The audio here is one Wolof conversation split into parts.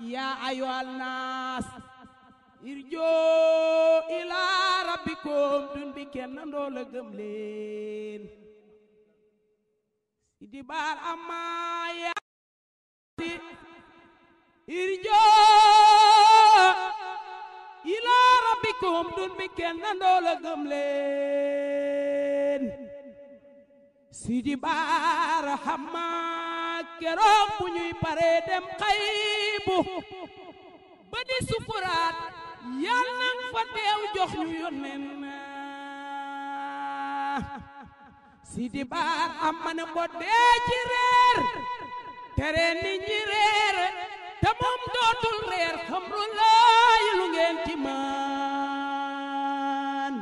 يا أيها الناس ارجعوا إلى ربكم دون بكنا نولا جملين سيدي بار أما يا ارجعوا إلى ربكم دون بكنا نولا جملين سيدي بار حمام keroog bu ñuy paree dem xaybu ba di sukuraat yal nang fa teew jox ñu yónneen sidi baar am ne ko dee ci reer tere nit ñi reer te moom dootul reer xamru laay lu ngeen ci maan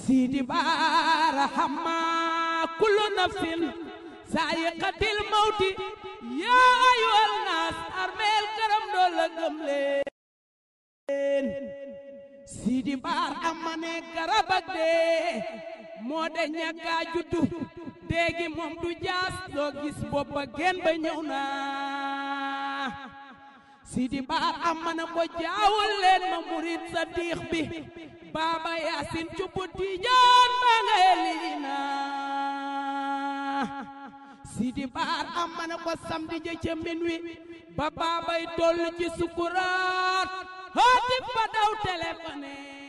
sidi baar a xammaa kullu nafsin saariqati l mawti yaa ayyuhan ne garab ak dee moo de ñàkka juddu déegi moom du jaas doo gis boppa geen ba ñëw naa siidi mbaar amma na ko jaawul leen ma murit sa diix bi baaba yaasin cubbu tiijaan baa nga yelli di baar am mana ko samedi ja ca min wi ba baabay toll ci sukuraat haatif ba daw téléphone